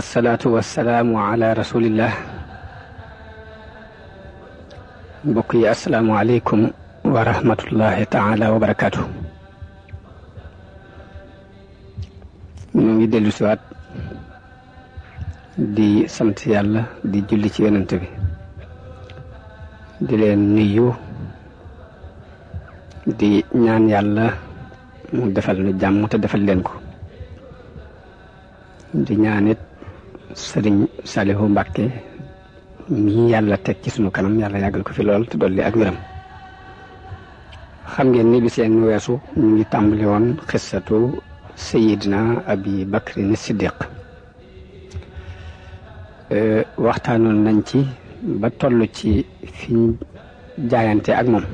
wasalaatu wasalaamu ala rasulillah mbokk yi asalaamualeykum wa rahmatullahi taala ngi dellu di sant yàlla di julli ci yonent bi di leen nuyu di ñaan yàlla mu defal nu jàmm te defal leen ko di ñaan sëriñ Salihu Mbàkke mi yàlla teg ci sunu kanam yàlla yàggal ko fi lool te dolli ak wéram xam ngeen ni bi seen weesu ñu ngi tàmbali woon xissatu sayidna abi bakri ni siddiq waxtaanoon nañ ci ba toll ci fiñ jaayante ak moom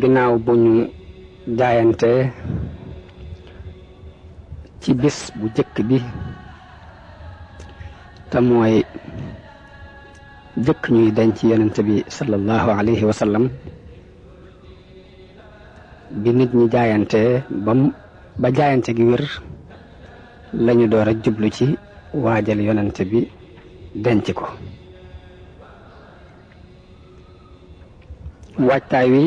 ginnaaw bu ñu jaayante ci bis bu jëkk bi te mooy jëkk ñuy denc yonent bi sallallahu alayhi wa sallam bi nit ñi jaayante bam ba jaayante gi wér lañu door a jublu ci waajal yonent bi denc ko waajtaay wi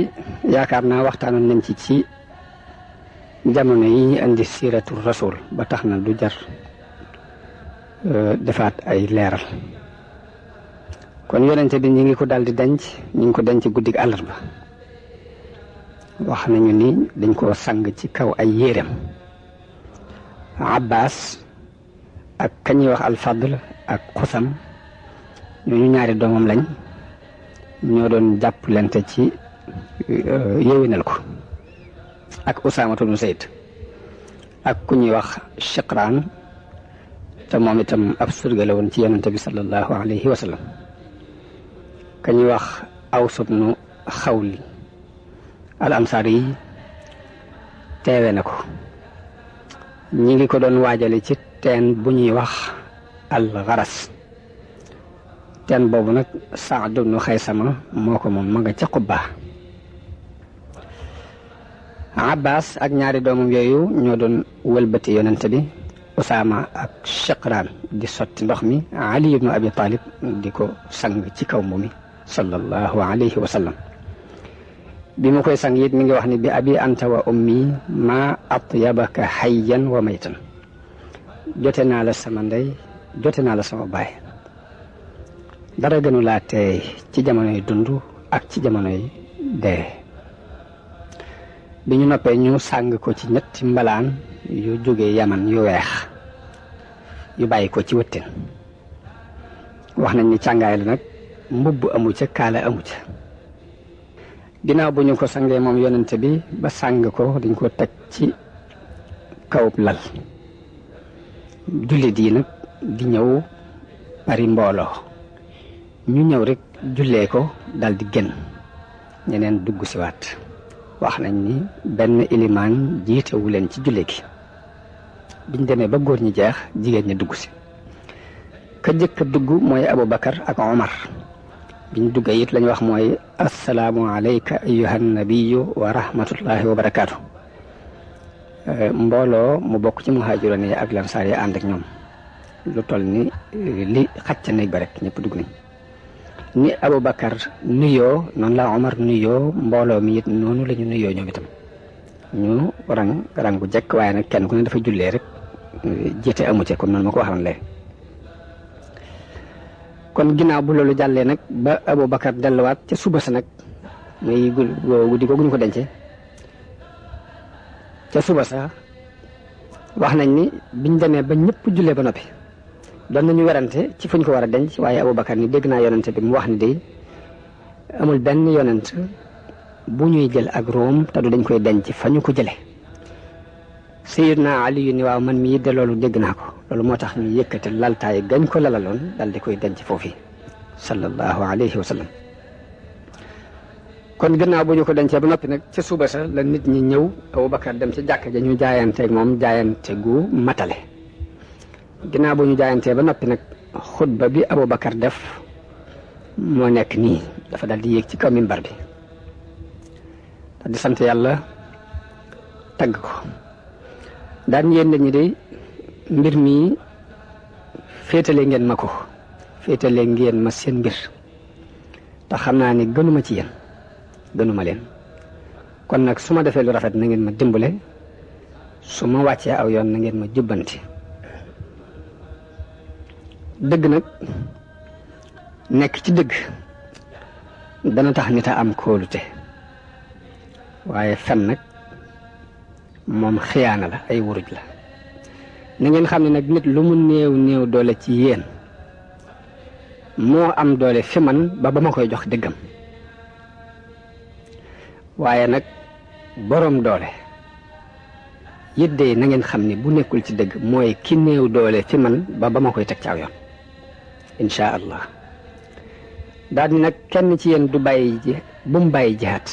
yaakaar naa waxtaanoon nañ ci jamono yi ñu indi siiratu rasul ba tax na du jar euh, defaat ay leeral kon yonente ñu ngi ko daal di denc ñu ngi ko denc guddig àllarba wax nañu ni dañ koo sang ci kaw ay yéreem abbas ak kañuy wax alfadl ak xusam ñooñu ñaari doomam lañ ñoo doon jàppalante ci euh, yéwénal ko ak Usaamatu mu Zayd ak ku ñuy wax Chiqraan te moom itam ab surga la woon ci yonente bi sallallahu alayhi wa sallam ka ñuy wax Aws bnu Xawli al ansaar yi teewe na ko ñi ngi ko doon waajale ci teen bu ñuy wax al garas teen boobu nag Saad bnu sama moo ko moom ma nga ca Qubbaa abbas ak ñaari doomam yooyu ñoo doon wëlbati yonent bi usaama ak chaqraan di sotti ndox mi ali ibnu abi di ko sang ci kaw mu mi sallallahu alayhi wa bi mu koy sang it mi ngi wax ni bi abi anta wa ummi ma atyabaka hayyan wa maytan jote naa la sama ndey jote naa la sama baay dara gënu teey ci jamonoy dund ak ci jamonoy dee bi ñu noppee ñu sàng ko ci ñetti mbalaan yu jóge yaman yu weex yu bàyyi ko ci wëttin wax nañ ni càngaay la nag mbubb amu ca kaala amu ca ginnaaw bu ñu ko sangee moom yonente bi ba sàng ko dañ ko teg ci kawub lal jullit yi nag di ñëw bari mbooloo ñu ñëw rekk jullee ko daldi génn ñeneen dugg siwaat wax nañ ni benn ilimaan jiitewu leen ci julle gi biñ demee ba góor ñi jeex jigéen ñi dugg si ka jëkk a dugg mooy abu bakar ak Omar biñ duggee it lañ wax mooy asalaamu alayka ayyuhan nabiyyu wa rahmatullahi wa barakaatu eh, mbooloo mu bokk ci mu muhaajiroon yi ak lansaar yi ànd ak ñoom lu toll ni eh, li xacca néeg ba rek ñëpp dugg nañ ni Aboubacar nuyoo noonu la Omar nuyoo mbooloo mi it noonu lañu nuyoo ñoom itam ñu rang rang bu jekk waaye nag kenn ku ne dafa jullee rek jiite amu ci comme ko waxoon kon ginnaaw bu loolu jàllee nag ba Aboubacar delluwaat ca suba sa nag muy guddi googu ñu ko dencee ca suba sa wax nañ ni biñ demee ba ñëpp jullee ba noppi. doon nañu werante ci fuñ ko war a denc waaye Aboubacar ni dégg naa yonent bi mu wax ni day amul benn yonent bu ñuy jël ak room te du dañ koy denc fa ñu ko jële Sayyidna Ali yu ni waaw man mi de loolu dégg naa ko loolu moo tax ñu yëkkate laltaay gañ ko lalaloon dal di koy denc foofu sallallahu alayhi wa sallam kon gannaaw bu ñu ko dencee ba noppi nag ca suba sa la nit ñi ñëw Aboubacar dem ci jàkka ja ñu jaayanteeg moom jaayante gu matale ginnaaw bu ñu jaayantee ba noppi nag xutba bi bakkar def moo nekk nii dafa dal di yéeg ci kaw mimbar bi di sant yàlla tagg ko daan yéen dañu de mbir mi féetale ngeen ma ko féetale ngeen ma seen mbir te xam naa ni gënuma ci yéen gënuma leen kon nag su ma defee lu rafet na ngeen ma dimbale su ma wàccee aw yoon na ngeen ma jubbanti dëgg nag nekk ci dëgg dana tax nit a am kóolute waaye fen nag moom xiyaana la ay wuruj la na ngeen xam ne nag nit lu mu néew néew doole ci yéen moo am doole fi man ba ba ma koy jox dëggam waaye nag boroom doole yit de na ngeen xam ne bu nekkul ci dëgg mooy ki néew doole fi man ba ba ma koy teg ci aw incha allah daal di nag kenn ci yéen du bàyyi ji bu mu bàyyi jihaat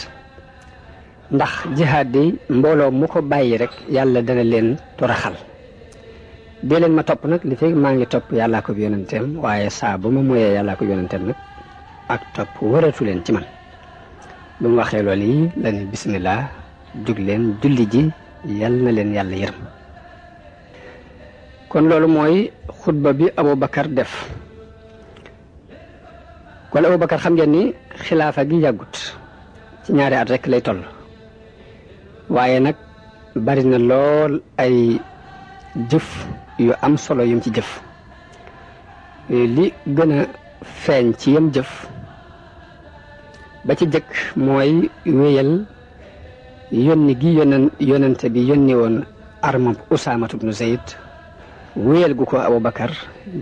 ndax jihaat di mbooloo mu ko bàyyi rek yàlla dana leen toraxal dee leen ma topp nag li fekk maa ngi topp yàllaa ko yonenteem waaye saa ba ma moyee yàllaa ko yonenteem nag ak topp waratu leen ci man bu mu waxee loolu yi la ne bismillah leen julli ji yal na leen yàlla yërëm kon loolu mooy xutba bi Aboubacar def kon Aboubacar xam ngeen ni xilaafa gi yàggut ci ñaari at rek lay toll waaye nag bari na lool ay jëf yu am solo yum ci jëf li gën a feeñ ci yam jëf ba ci jëkk mooy wéyal yónni gi yonen yonente bi yónni woon armam Usaamatu bnu Zayd wéyal gu ko Aboubacar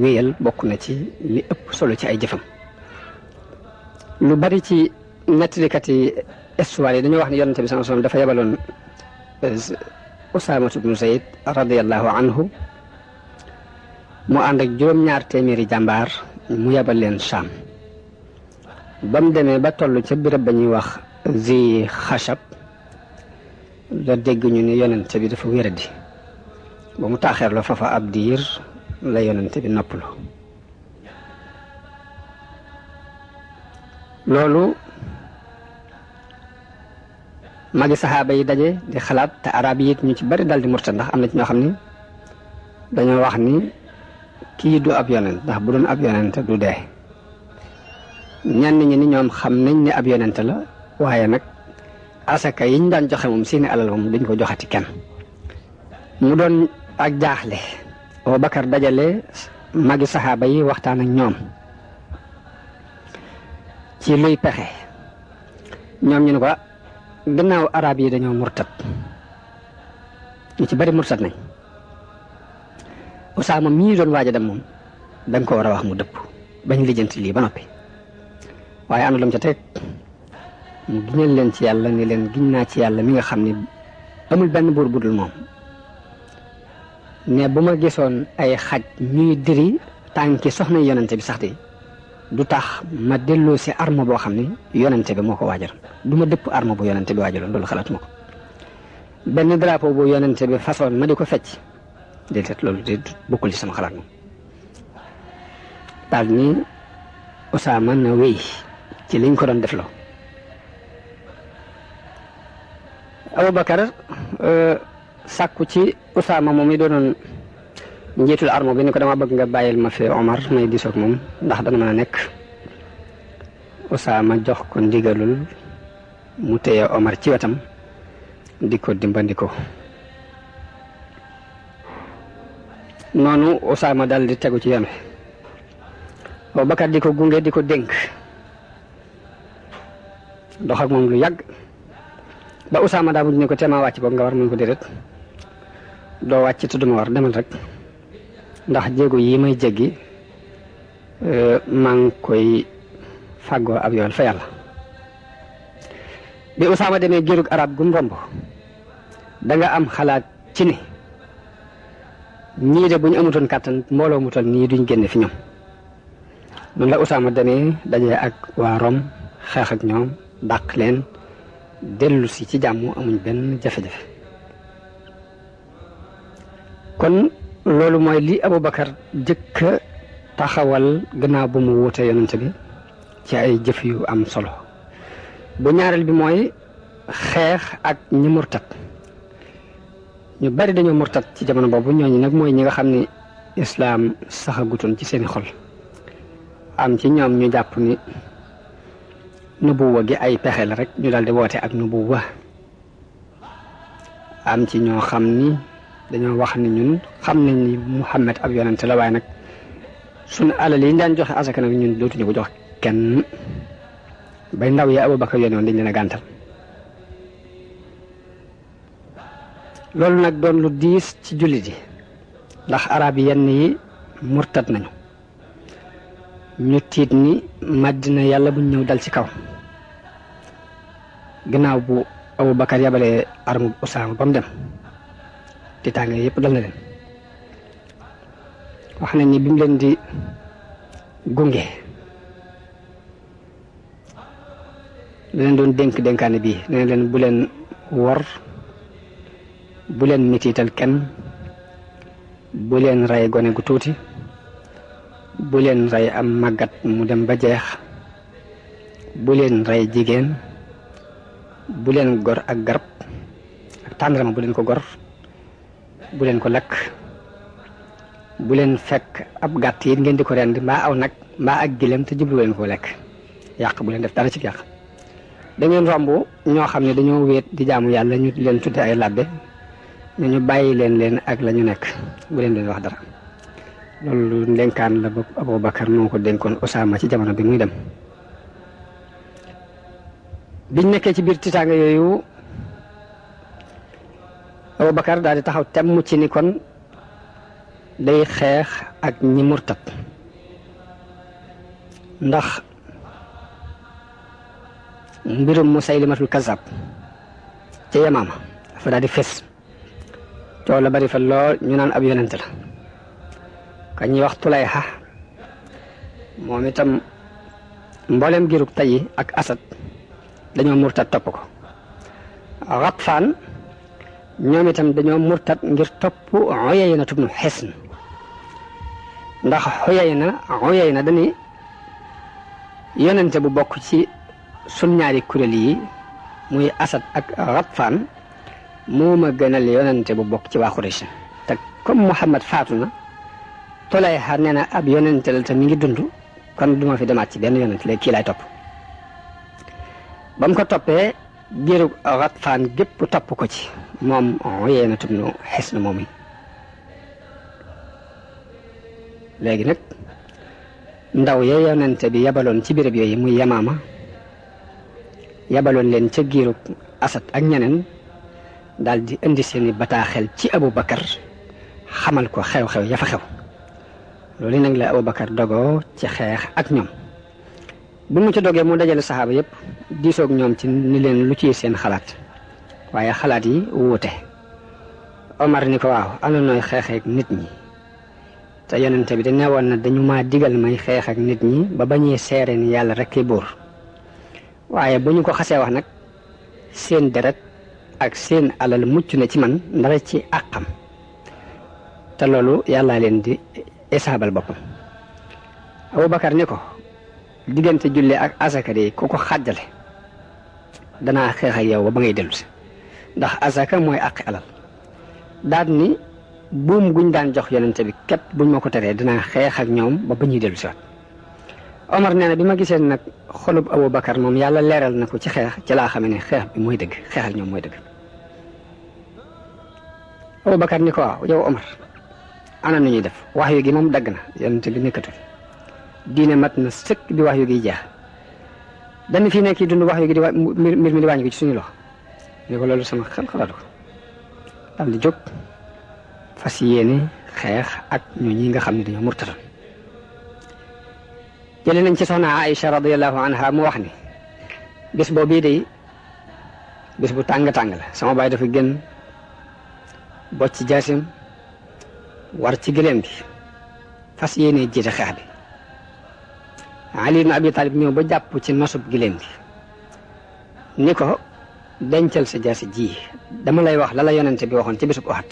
wéyal bokk na ci li ëpp solo ci ay jëfam lu bari ci nettalikat yi histoire yi dañoo wax ne yonente bi sallallahu alayhi wasallam dafa yebaloon eh, Usaamatu bnu Zayd radiyallahu anhu mu ànd ak juróom-ñaar téeméeri jàmbaar mu yebal leen Saam ba mu demee ba toll ca béréb ba ñuy wax zi xasab la dégg ñu ne yonente bi dafa wéradi ba mu taaxeerloo fafa ab diir la yonente bi noppalu loolu magi saxaaba yi daje di xalaat te arab yi ñu ci bari dal di murtad ndax am na ci ñoo xam ne dañoo wax ni kii du ab yonent ndax bu doon ab yonent du dee ñenn ñi ni ñoom xam nañ ni ab yonent la waaye nag asaka yiñ daan joxe moom seeni alal moom duñ ko joxati kenn mu doon ak jaaxle Abubakar dajale magi saxaaba yi waxtaan ak ñoom ci luy pexe ñoom ñu ne ko gannaaw arab yi dañoo murtat ñu ci bari murtat nañ Usaama mii doon waaj a dem moom dañ ko war a wax mu dëpp bañ lijjanti lii ba noppi waaye am na lu ca teg mu giñal leen ci yàlla ni leen giñ naa ci yàlla mi nga xam ni amul benn buur dul moom ne bu ma gisoon ay xaj ñuy diri tànki soxna yonente bi sax di du tax ma delloo si arme boo xam ne yonente bi moo ko waajal du ma dëpp arme bu yonente bi waajaloon loolu xalaat ko benn drapeau bu yonente bi façon ma di ko fecc déedéet loolu de bokkul ci sama xalaat moom daal ni Usaama na wéy ci liñ ko doon def loo Abubakar euh, sàkku ci Usaama moom mi doonoon njiitul armo bi ni ko dama bëgg nga bàyyil ma fi Omar may disoog moom ndax dana mën a nekk Usaama jox ko ndigalul mu téye Omar ci wetam di ko dimbandiko noonu Usaama dal di tegu ci yoon wi Abubakar di ko gunge di ko dénk dox moom lu yàgg ba Usaama daa mujj ne ko teemaa wàcc boog nga war mun ko déedéet doo wàcc te duma war demal rek ndax jéego yi may jéggi euh, maa ngi koy fàggoo ab yool fa yàlla bi Usaama demee géerug arab gum romb da am xalaat ci ni ñii de bu ñu amutoon kàttan mbooloo mu toll nii duñ génne fi ñoom noonu la Usaama demee dajee ak waa Rom xeex ak ñoom dàq leen dellusi ci jàmm amuñ benn jafe-jafe loolu mooy li Aboubacar jëkk taxawal gannaaw bu mu wuute yonent bi ci ay jëf yu am solo bu ñaareel bi mooy xeex ak ñi murtat ñu bari dañu murtat ci jamono boobu ñooñu nag mooy ñi nga xam ni islaam saxagutoon ci seeni xol am ci ñoom ñu jàpp ni nubuwa gi ay pexe la rek ñu daal di woote ak nu nubuwa am ci ñoo xam ni dañoo wax ni ñun xam nañ ni Muhammad ab yonent la waaye nag suñu alal yi ñu daan joxe asaka nag ñun dootuñu ko jox kenn bay ndaw yi Abubakar yónni woon dañ leen a gàntal loolu nag doon lu diis ci jullit yi ndax arab yenn yi murtat nañu ñu tiit ni Madina yàlla buñ ñëw dal ci kaw ginnaaw bu Abubakar yabalee armub Usaama ba mu dem tiitaange yépp dal na leen wax nañ ni bi mu leen di gunge da leen doon dénk dénkaane bii nee leen bu leen wor bu leen mitiital kenn bu leen rey gone gu tuuti bu leen rey am màggat mu dem ba jeex bu leen rey jigéen bu leen gor ak garab ak tàndarama bu leen ko gor bu leen ko lakk bu leen fekk ab gàtt yi ngeen di ko rend mbaa aw nag mbaa ak gilem te jublu leen ko lekk yàq bu leen def dara ci yàq da ngeen romb ñoo xam ne dañoo wéet di jaamu yàlla ñu leen tudde ay labbe ñu ñu bàyyi leen leen ak la ñu nekk bu leen leen wax dara loolu ndenkaan la bopp Aboubacar moo ko dénkoon Osama ci jamono bi muy dem biñ nekkee ci biir tiitaanga yooyu Abubakar daal di taxaw temm ci ni kon day xeex ak ñi murtat ndax mbirum mu Kazzab ca Yamaama dafa daal di fes coow la bari fa lool ñu naan ab yonent la ka ñuy wax Tulayha moom itam mboolem girug Tayyi ak Asad dañoo murtat topp ko Xatfaan ñoom itam dañoo murtat ngir topp Uyayna ibnu Hisn ndax Uyayna na dañuy yonente bu bokk ci sun ñaari kuréel yi muy Asad ak Ghatfaan moom ma gënal yonente bu bokk ci waa Quraysh te comme Muhammad faatu na Tulayha nee na ab yonente la te mi ngi dund kon duma fi demaat ci benn yonente léegi kii laay topp ba ko toppee biirug Ghatfaan gépp topp ko ci moom Uyayna ibnu Hisn moom yi léegi nag ndaw ya yonente bi yabaloon ci béréb yooyu muy Yamaama yabaloon leen ca giirug Asad ak ñeneen daldi indi seeni bataaxel ci Aboubacar xamal ko xew-xew ya fa xew loolu nag la Aboubacar dogoo ci xeex ak ñoom bi mu ci dogee mu dajale saxaaba yépp diisook ñoom ci ni leen lu ci seen xalaat waaye xalaat yi wuute Omar ni ko waaw ana nooy xeexeek nit ñi te yonente bi da newoon na dañu ma digal may xeex nit ñi ba bañee seere ni yàlla rekk buur waaye bu ñu ko xasee wax nag seen deret ak seen alal mucc na ci man ndara ci àqam te loolu yàllaa leen di esaabal boppam Abubakar ni ko diggante julli ak asaka de ku ko xàjjale danaa xeex ak yow ba ba ngay dellu si ndax asaka mooy àqi alal daat ni buum guñ daan jox yonente bi képp buñ ma ko teree dinaa xeex ak ñoom ba ba ñuy dellu si waat Omar nee na bi ma gisee nag xolub Abu Bakar moom yàlla leeral na ko ci xeex ci laa xamee ne xeex bi mooy dëgg xeex ak ñoom mooy dëgg Abu ni ko waaw ñuy def wax yu gi moom dagg na yonente bi nekkatul diine mat na sëkk bi wax yu gi jeex dañ fi nekk dund wax yu gi di mbir mi di wàññi ko ci suñu loxo ne ko loolu sama xel xalaatu ko daal jóg fas yéene xeex ak ñu ñi nga xam ne dañoo murtatan jëlee nañ ci soxna Aïcha radiyallahu anha mu wax ni bés bii day bés bu tàng-tàng la sama baay dafa génn ci jaasim war ci gëléem gi fas yéene jiite xeex bi ali ibn abi talib ñëw ba jàpp ci nosub giléem gi ni ko dencal sa jaasi jii dama lay wax la la yonente bi waxoon ci bisub uxat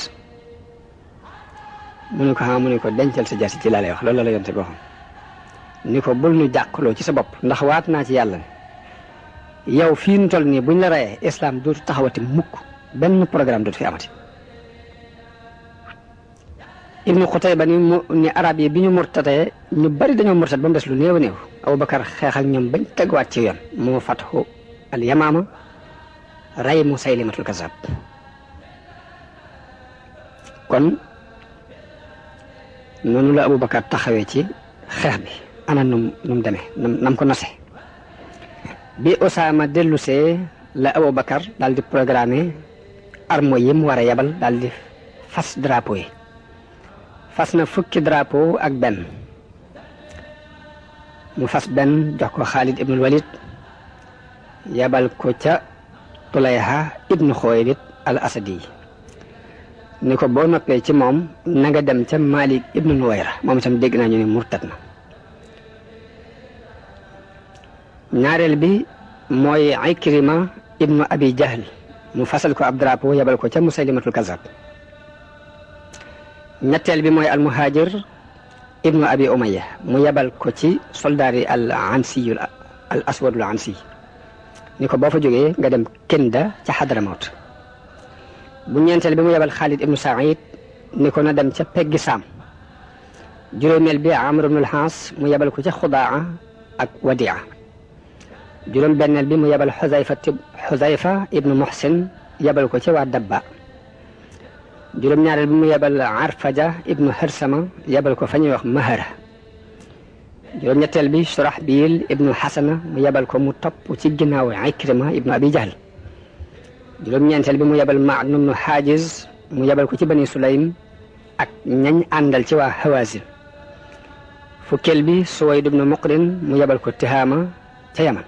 mu ne ko ah mu ne ko dencal sa jaasi ji laa lay wax loolu la la yonente bi waxoon ni ko bul nu jàqloo ci sa bopp ndax waat naa ci yàlla ne yow fii nu toll nii buñ la rayee islam dootu taxawati mukk benn programme dootu fi amati ibnu Xutayba ni mu ni arab yi bi ñu murtatee ñu bari dañoo murtat ba mu lu néew a néew Aboubacar xeex ak ñoom bañ teguwaat ci yoon moo fatxu al yamaama rey Musaylimatul Kazzab kon noonu la Aboubacar taxawee ci xeex bi ana num num demee nam ko nase bi Osaama dellusee la Aboubacar daal di programmer armo yi mu war a yabal daal di fas drapeau yi fas na fukki drapo ak benn mu fas benn jox ko Xaalid ibnul Walid yabal ko ca Tulayha ibnu Xuwaylid al ni ko boo noppee ci moom nanga dem ca Malik ibnu Nuwayra moom itam dégg naa ñu ne murtat na ñaareel bi mooy Ikrima ibnu Abi Jahl mu fasal ko ab drapeau yabal ko ca Musaylimatul Kazab ñetteel bi mooy almuhaajir ibnu abi umaya mu yebal ko ci soldaar yi al ansiyu al aswadul ansi ni ko boo fa jógee nga dem Kenda ca Hadramawt bu ñeenteel bi mu yebal Xaalid ibnu Saïd ni ko na dem ca peggi Saam juróomeel bi Amr ibnul Xaas mu yebal ko ca Xudaa ak Wadia juróom benneel bi mu yebal Xuzayfa Xuzayfa ibnu Muxsin yebal ko ca waa Dabba juróom-ñaareel bi mu yebal Arfaja ibnu Harsama yebal ko fa ñuy wax Mahara juróom-ñetteel bi Surahbiil ibnu Xasana mu yebal ko mu topp ci ginnaaw Ikrima ibnu Abi Jahl juróom-ñeenteel bi mu yebal Ma'nu ibnu Haajiz mu yebal ko ci Bani Sulaym ak ñañ àndal ci waa Hawaazin fukkeel bi Suwayd ibnu Muqrin mu yebal ko Tihaama ca Yaman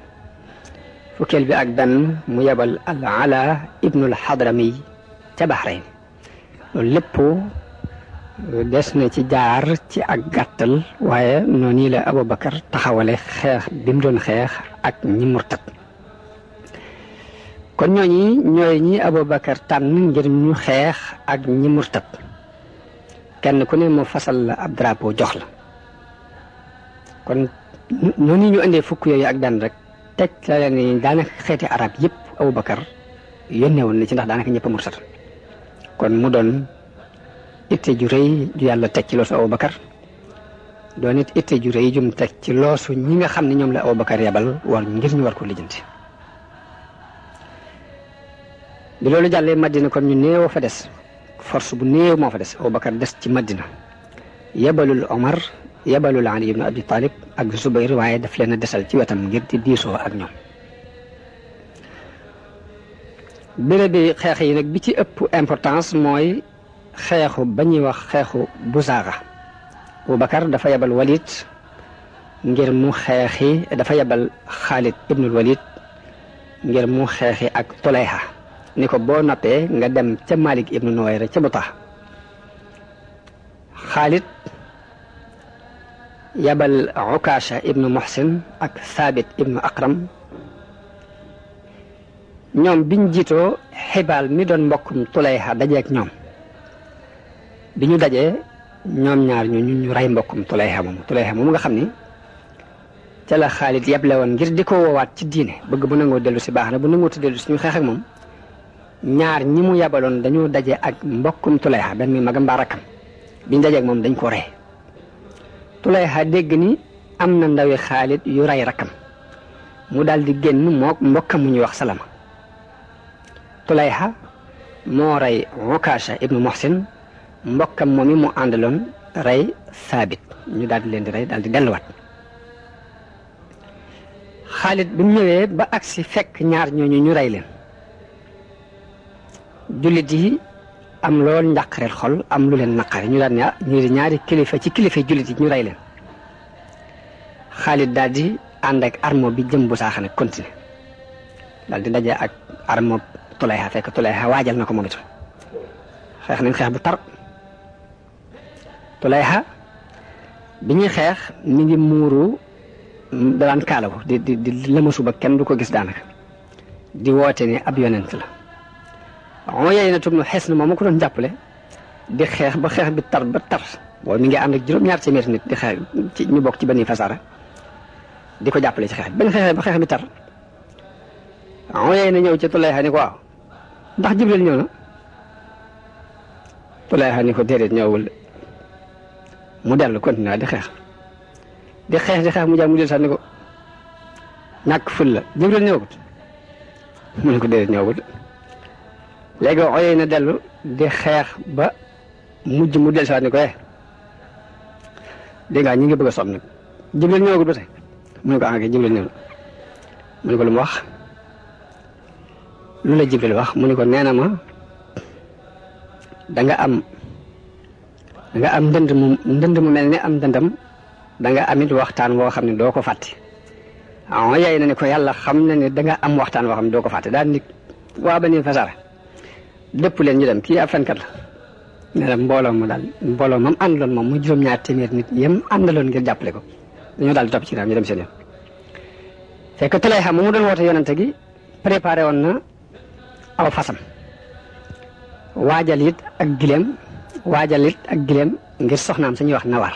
fukkeel bi ak benn mu yebal al Ala ibnu al Hadrami ca Bahrayn loolu lépp euh, des na ci jaar ci ak gàttal waaye noonu la Aboubacar taxawale xeex bi mu doon xeex ak ñi murtat kon ñooñi ñooy ñi Aboubacar tànn ngir ñu xeex ak ñi murtat kenn ku ne mu fasal la ab drapeau jox la kon noonu ñu indee fukk yooyu ak daan rek teg la leen daanaka xeeti arab yëpp Aboubacar yónnee woon na ci ndax daanaka ñëpp a murtat kon mu doon itte ju rëy ju yàlla teg ci loosu Abubakar doon it itte ju rëy jum teg ci loosu ñi nga xam ne ñoom la Abubakar yebal war ngir ñu war ko lijjanti bi loolu jàllee Madina kon ñu néew fa des force bu néew moo fa des Abubakar des ci Madina yebalul Omar yebalul Ali ibn Abi Talib ak Zubayr waaye daf leen a desal ci wetam ngir di diisoo ak ñoom bérébi xeex yi nag bi ci ëpp importance mooy xeexu ba ñuy wax xeexu busaaxa Boubacar dafa yebal walit ngir mu xeexi dafa yebal Xaalid ibnul Walid ngir mu xeexi ak Tulayha ni ko boo noppee nga dem ca Malik ibnu Nuwayra ca Buta xaalit yebal Ukaasha ibnu Muhsin ak Thabit ibnu Aqram ñoom biñ jiitoo xibaal mi doon mbokkum tulayxa dajeeg ñoom bi ñu dajee ñoom ñaar ñu ñu rey mbokkum tulayxa moom tulayxa moom nga xam ni ca la Xaalid yeble woon ngir di ko woowaat ci diine bëgg bu nangoo dellu si baax na bu nangoo te dellu si ñu xeex moom ñaar ñi mu yabaloon dañoo daje ak mbokkum tulayxa benn mi magam mbaa rakkam biñ dajeeg moom dañ ko rey tulayxa dégg ni am na ndawi Xaalid yu rey rakkam mu daldi génn moo mbokkam mu ñuy wax salama Tulayha moo rey Ukaasha ibnu Muhsin mbokkam moom yi mu àndaloon rey Saabit ñu daal di leen di rey daal di delluwaat Xaalid bi mu ñëwee ba agsi fekk ñaar ñooñu ñu rey leen jullit yi am lool njàqareel xol am lu leen naqari ñu daan ñaari kilifa ci kilifa jullit yi ñu rey leen Xaalid daal di ànd ak armo bi jëm bu saaxane continuer daal ak armo Tuleyha fekk Tuleyha waajal na ko moom it xeex nañ xeex bu tar Tuleyha bi ñuy xeex mi ngi muuru daan kaala di di di lëmasu ba kenn du ko gis daanaka di woote ni ab yonent la on yey na tub nu xes na moom ko doon jàppale di xeex ba xeex bi tar ba tar boo mi ngi ànd ak juróom-ñaar téeméer nit di xeex ci ñu bokk ci benn fasara di ko jàppale ci xeex ba bañ xeexee ba xeex bi tar on yey na ñëw ci Tuleyha ni ko ndax jibril ñëw na Tulaay ni ko déedéet ñëwul mu dellu continué di xeex di xeex di xeex mu jaam mu jël sax ni ko ñàkk ful la jibril ñëwagut mu ne ko déedéet ñëwagut léegi ooyee na dellu di xeex ba mujj mu del sax ni ko eh dégg nga ngi bëgg a somm nag jibril ñëwagut ba tey mu ne ko ah kay jibril ñëw na mu ne ko lu mu wax. lu la jibril wax mu ni ko nee na ma danga am da am ndënd mu ndënd mu mel ne am ndëndam da nga amit waxtaan woo xam ne doo ko fàtte ah yaay na ko yàlla xam na da nga am waxtaan woo xam ne doo ko fàtte daal ni waa ba ni fasara dëpp leen ñu dem kii ab fenkat la ne mbooloo mu daal mbooloo moom àndaloon moom mu juróom-ñaar téeméer nit yem àndaloon ngir jàppale ko dañoo daal di topp ci ginnaaw ñu dem seen yoon fekk tëlay xam mu doon woote yonante gi préparé woon na aw fasam waajal ak gileem waajalit ak gileem ngir soxnaam suñuy wax nawar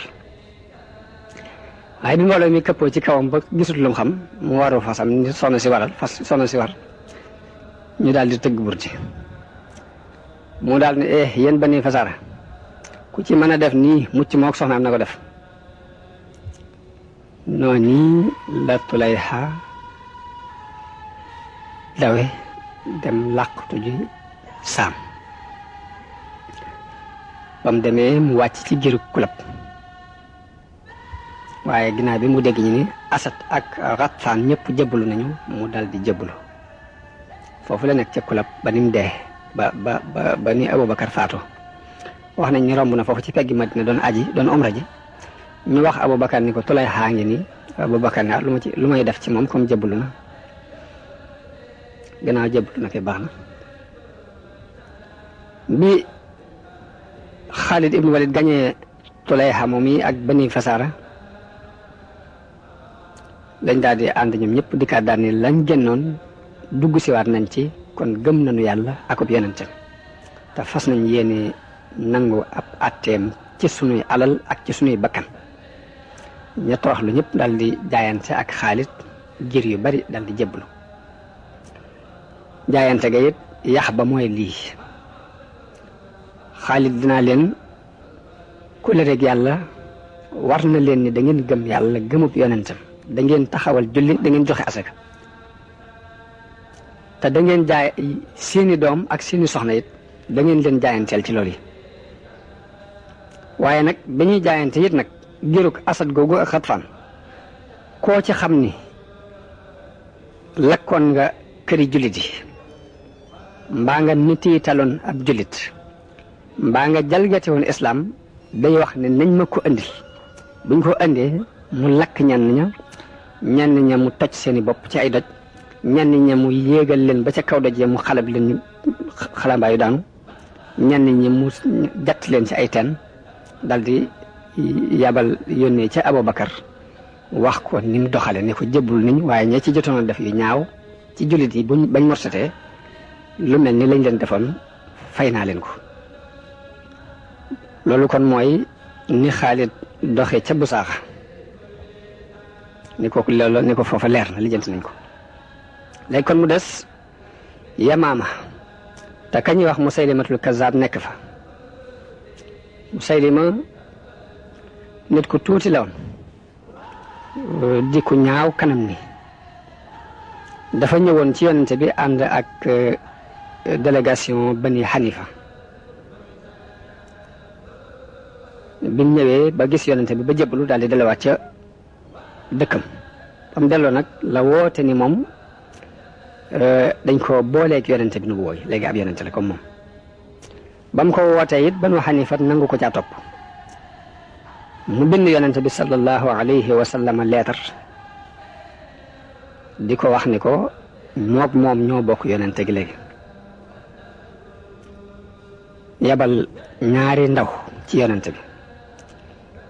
waaye bi mbooloo mi këppoo ci kawam ba gisut lu mu xam mu waru fasam ni soxna si waral fas soxna si war ñu daal di tëgg burti mu daal ne eh yéen ba nii fasara ku ci mën a def nii mucc mook soxnaam na ko def noonu la Tulayha dawe dem làqtu ji saam ba mu demee mu wàcc ci jërug kulab waaye ginnaaw bi mu dégg ñi ni asat ak rattaan ñëpp jëbbalu nañu mu dal di jëbbalu foofu la nekk ca kulab ba ni mu dee ba ba ba ba ni Aboubacar faatu wax nañ ni romb na foofu ci peggi Madina doon aji doon omra ji ñu wax Aboubacar ni ko tulay xaa ngi ni Aboubacar ne ah, lu ma ci lu may def ci moom comme jëbbalu na gannaaw jébbalu na kay baax na bi Xaalid ibnu Walid gañee Tulayha yi ak Bani Fasaara dañ daal di ànd ñoom ñëpp di kat daal ni lañ génnoon dugg siwaat nañ ci kon gëm nañu yàlla akub yonentam te fas nañ yéene nangu ab atteem ci sunuy alal ak ci sunuy bakkan ña toroxlu ñëpp daldi di jaayante ak Xaalid jir yu bari daal di jébbalu jaayante ga it yax ba mooy lii xaalit dinaa leen kule rek yàlla war na leen ni da gëm yàlla gëmub yonentam da ngeen taxawal julli da ngeen joxe asaka te da ngeen jaay seeni doom ak seeni soxna it da ngeen leen jaayanteel ci lool yi waaye nag bi ñuy jaayante it nag gërug asad googu ak xatfaan koo ci xam ni lakkoon nga këri jullit yi mbaa nga nitiitaloon ab jullit mbaa nga jalgati woon islaam day wax ne nañ ma ko andil buñ ko andee mu lakk ñenn ña ñenn ña mu toj seeni bopp ci ay doj ñenn ña mu yéegal leen ba ca kaw doj ya mu xalab leen xalambaayu daanu ñenn ñi mu jatt leen ci ay ten dal di yabal yónnee ca Aboubacar wax ko ni mu doxale ne ko jëbbul niñ waaye ña ci jotoon def yu ñaaw ci jullit yi buñ bañ morsatee lu mel ni lañ leen defoon fay naa leen ko loolu kon mooy ni Xaalid doxe ca busaaxa ni ko loolu ni ko foofu leer na lijjanti nañ ko léegi kon mu des Yamaama te kañuy wax mu Musaylimatul Kazaab nekk fa Musaylima nit ku tuuti la woon euh, ñaaw kanam ni dafa ñëwoon ci yonente bi ànd ak euh, délégation bani xanifa bi mu ba gis yonente bi ba jébbalu daal di delewaat ca dëkkam ba dello nag la woote ni moom eh, dañ ko booleeg yonente bi nu bu wooy léegi ab yonente la comme moom bam ko wootee it banu xanifa nangu ko caa topp mu bind yonente bi sallallahu alayhi wa sallam leetar di ko wax ni ko moog moom ñoo bokk yonente léegi yabal ñaari ndaw ci yonent bi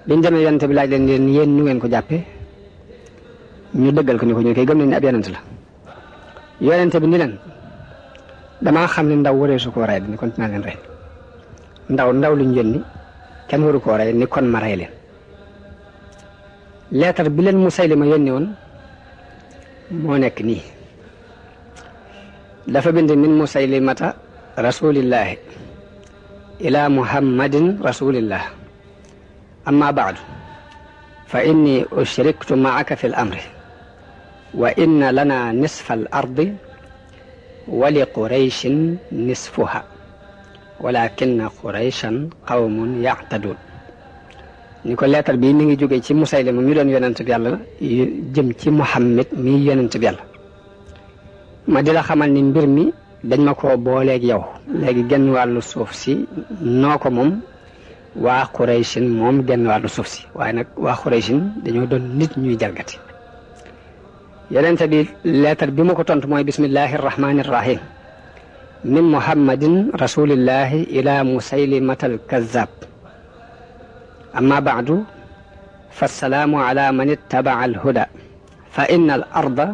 biñ demee yonent bi laaj leen leen yéen nu ngeen ko jàppe ñu dëggal ko ni ko ñu koy gëm nañ ne ab yonent la yonent bi ni leen damaa xam ne ndaw waree su koo rey ni ndaw ndaw luñ yónni kenn waru koo rey ni kon ma rey leen leetar bi leen Musaylima yónni woon moo nekk nii dafa bind min Musaylimata rasulillahi ila muhammadin rasulillah amma baadu fa inni ushriktu maaka fi l amri wa inna lana nisfa al ardi wa li qurayshin nisfuha walakinna qurayshan qawmun yactaduun ni ko leetar bii mi ngi jóge ci musaylima mi doon yonent bi yàlla jëm ci muhammad mi yonent bi yàlla ma di la xamal ni mbir mi dañ ma ko booleeg yow léegi genn wàllu suuf si noo ko moom waa Xuraysin moom genn wàllu suuf si waaye nag waa Xuraysin dañoo doon nit ñuy jalgati yonente bi leetar bi ma ko tontu mooy bismillahi irrahmani irrahim min muhammadin rasulillahi ila musaylimatal kazzab amma baadu fassalaamu ala man ittabaa alhuda fa inna al arda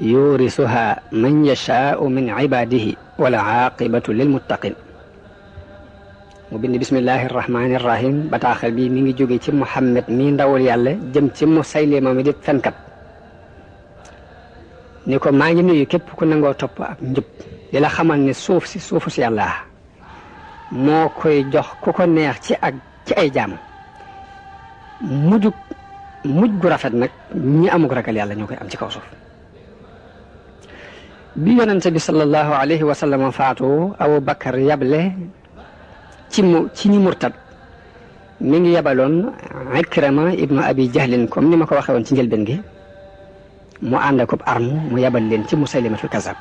yuurisuha man yashaau min ibaadihi wal aaqibatu lilmuttaqin mu bind bismillahi irrahmani irrahim bataaxal bi mi ngi jóge ci Muhammad mi ndawul yàlla jëm ci Musaylima mi di fenkat ni ko maa ngi nuyu képp ku nangoo topp ak njub di la xamal ne suuf si suufu si yàlla moo koy jox ku ko neex ci ak ci ay jaam mujj mujj gu rafet nag ñi amug ragal yàlla ñoo koy am ci kaw suuf bi yonente bi sallallahu alayhi wa sallam faatu Abu Bakar yable ci mu ci ñi murtad mi ngi ak Ikrama ibnu Abi Jahlin comme ni ma ko waxee woon ci njëlbeen gi mu ànd akub arme mu yabal leen ci Musaylimatul Kazab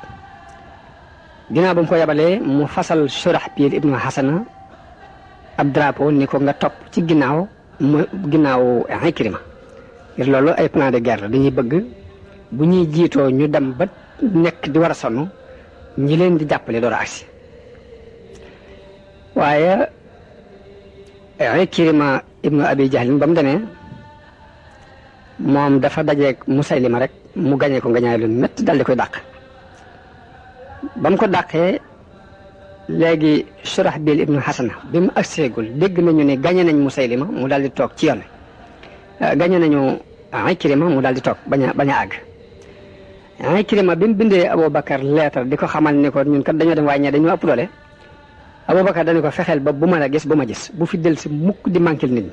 ginnaaw ba mu ko yabalee mu fasal Surahbiil ibnu Hasana ab drapeau ni ko nga topp ci ginnaaw mu ginnaaw Ikrima ngir loolu ay plan de guerre dañuy bëgg bu ñuy jiitoo ñu dem ba nekk di war a sonn ñi leen di jàppale door a agsi waaye Ikrima ibnu Abi Jahlin ba mu demee moom dafa dajeek Musaylima rek mu gañee ko ngañaay lu métti dal di koy dàq ba mu ko dàqee léegi Surahbil ibnu Hasana bi mu agseegul dégg nañu ni gañe nañ Musaylima mu daal di toog ci yoon gañe nañu Ikrima mu dal di toog bañ a àgg Ikrima bi mu bindee Aboubacar lettre di ko xamal ni ko ñun kat dañoo dem wàññee dañoo ëpp doole Aboubacar dañu ko fexeel ba bu ma la gis bu ma gis bu fi del si mukk di manquil nit ñi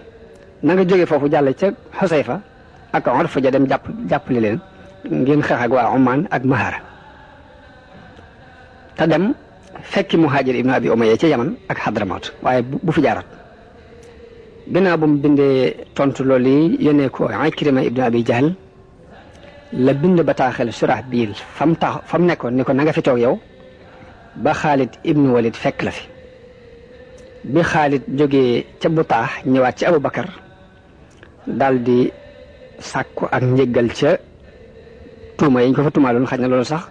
na nga jógee foofu jàll ca Xusayfa ak Urfa ja dem jàpp jàppale leen ngeen xeex waa Oman ak Mahara te dem fekki Muhaajir ibnu Abi Umayya ca Yaman ak Hadramaut waaye bu fi jaarat ginnaaw bu mu bindee tontu loolu yi yónnee ko Ikrima ibnu Abi Jahl la bind bataaxel Suraxbiil fam tax fam nekkoon ni ko na nga fi toog yow ba Xaalid ibnu Walid fekk la fi bi Xaalid jógee ca Butaax ñëwaat ci Abubakar daal di sàkku ak njëggal ca tuuma yi ñu ko fa tuumaaloon xaj loolu sax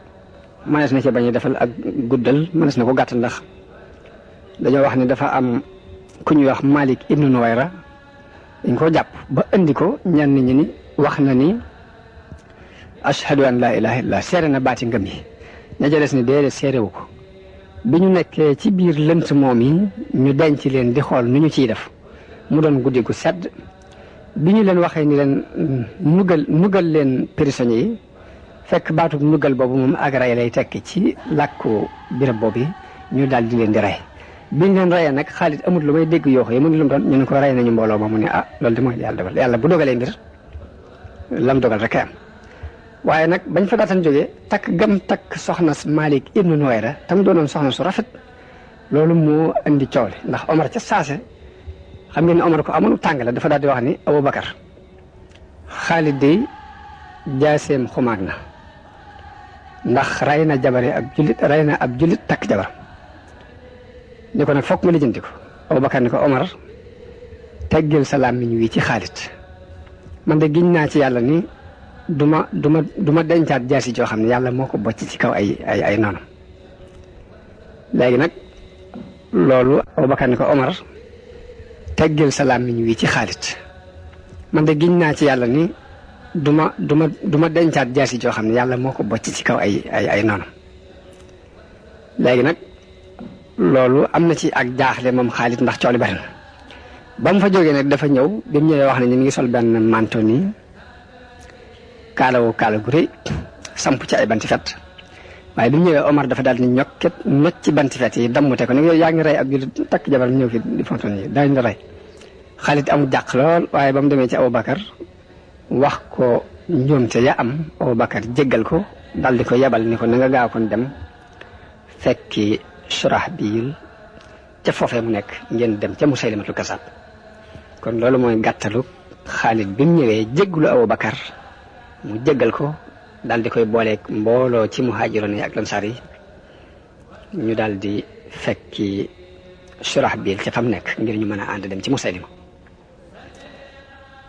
mënees na ci bañ defal ak guddal mënees na ko gàtt ndax dañoo wax ni dafa am ku ñuy wax Malik ibnu Nuwayra dañ koo jàpp ba indi ko ñenn ñi ni wax na ni ashhadu an laa ilaha illallah seere na baati ngëm yi ña ca des ni déedéet seere wu ko bi ñu nekkee ci biir lënt moom yi ñu denc leen di xool nu ñu ciy def mu doon guddi gu sedd bi ñu leen waxee ni leen nugal mm, nugal leen prisonniers yi fekk baatu nugal boobu moom ak rey lay tekki ci làkku birab boobu ñu daal di leen di rey biñ leen reyee nag Xaalid amut lu may dégg yoo xam ne mu ne lu mu doon ñu ne ko rey nañu mbooloo moomu ne ah loolu de mooy yàlla dogal waaye nag bañ fa daataan jógee takk gam takk soxna Malik ibnu Nuwayra tam doonoon soxna su rafet loolu moo indi coow li ndax Omar ca saase xam ngeen ne Omar ko amul tàng la dafa daal di wax ni Aboubacar Xaalid day jaaseem xumaag na ndax rey na jabare ab jullit rey na ab jullit takk jabar ni ko nag foog nga lijjanti ko Aboubacar ni ko Omar teggil salaam mi ñu wi ci Xaalid man de giñ naa ci yàlla ni du ma du du ma dencaat jaasi joo xam ne yàlla moo ko bocc ci kaw ay ay ay noonu léegi nag loolu Abubakar ne ko Omar teggil sa làmmiñ wi ci Xaalid man de giñ naa ci yàlla ni du ma du ma du dencaat jaasi joo xam ne yàlla moo ko bocc ci kaw ay ay ay noonu nag loolu am na ci ak jaaxle moom Xaalid ndax cooli bari ba mu fa jógee nag dafa ñëw bi mu ñëwee wax ne ñu ngi sol benn manto nii kaalawu kaala gu rëy samp ci ay banti fet waaye bi mu ñëwee Omar dafa daal di ñokket ñoc ci banti fet yi dammute ko ni yow yaa ngi rey ab jullit takk jabar ñëw fi di fonton yi daañu la rey Xaalid lool waaye ba demee ci Abubakar wax ko njuumte ya am Abubakar jéggal ko dal di ko yabal ni ko na nga gaaw kon dem fekki Surahbiil ca foofee mu nekk ngeen dem ca Musaylimatul Kasaab kon loolu mooy gàttalu Xaalid bi mu ñëwee jéggalu bakar mu jëggal ko daal di koy booleek mbooloo ci muhaajiroon yi ak lansaar yi ñu daal di fekki Surahbil ca fam nekk ngir ñu mën a ànd dem ci Musaylima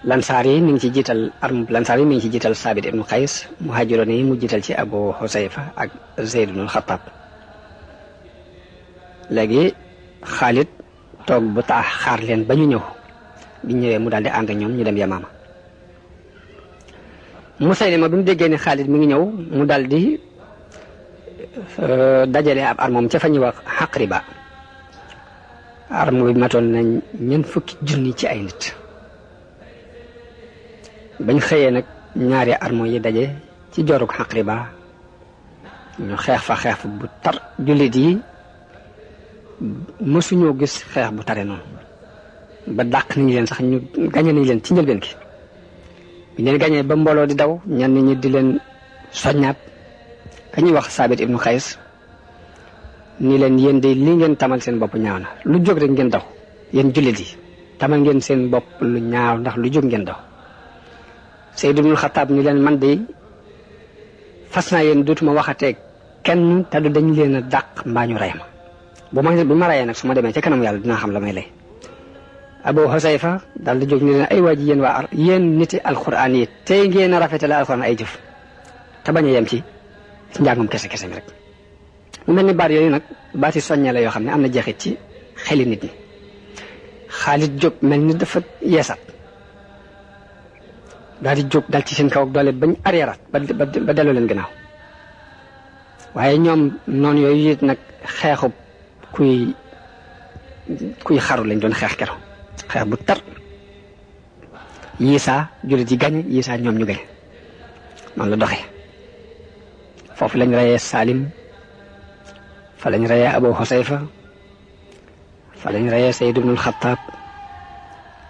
lansaar yi mi ngi ci jiital arm lansaar yi mi ngi ci jiital Saabit ibnu Qays muhaajiroon yi mu jiital ci Abu fa ak Zayd ibnul Xattaab léegi xaalit toog bu taax xaar leen ba ñu ñëw biñ ñëwee mu daal di ànd ak ñu dem Yamaama Musaylima bi mu déggee ni Xaalid mu ngi ñëw mu dal di euh, dajale ab armam ca fa ñuy wax Xaqriba arme bi matoon nañ ñeent fukki junni ci ay nit bañ xëyee nag ñaari armoo yi daje ci joorug Xaqriba ñu xeex fa xeex bu tar jullit yi mësuñoo gis xeex bu tare noonu ba dàq nañ leen sax ñu gañe nañ leen ci njëlbeen gi bi leen gañee ba mbooloo di daw ñenn ñi di leen soññaat kañuy wax saabit ibnu xays nii leen yéen de li ngeen tamal seen bopp ñaaw na lu jóg rek ngeen daw yéen jullit yi tamal ngeen seen lu ñaaw ndax lu jóg ngeen daw Seyd ibnul Xataab ni leen man de fas naa yéen dootuma waxatee kenn te du dañ leen a dàq mbaa ñu rey ma bu ma bu ma reyee nag su ma demee ca kanam yàlla dinaa xam la may lay Abu fa daal di jóg ni leen ay waa ji yéen waa ar nit niti alxuraan yi tey ngeen a rafetale alxuraan ay jëf te bañ a yem ci njàngum kese kese mi rek. mu mel ni baat yooyu nag baati soññe la yoo xam ne am na jeexit ci xeli nit ñi Xaalid jóg mel ni dafa yeesat daal di jóg dal ci seen kaw ak doole bañ arriéraat ba ba delloo leen gannaaw waaye ñoom noonu yooyu it nag xeexub kuy kuy xaru lañ doon xeex keroog. xeex bu tar yiisaa jullit yi gañ yiisaa ñoom ñu gañ noonu la doxee foofu lañ reyee Salim fa lañu reyee Abu Xosayfa fa lañu reyee Sayd ibnul Xattaab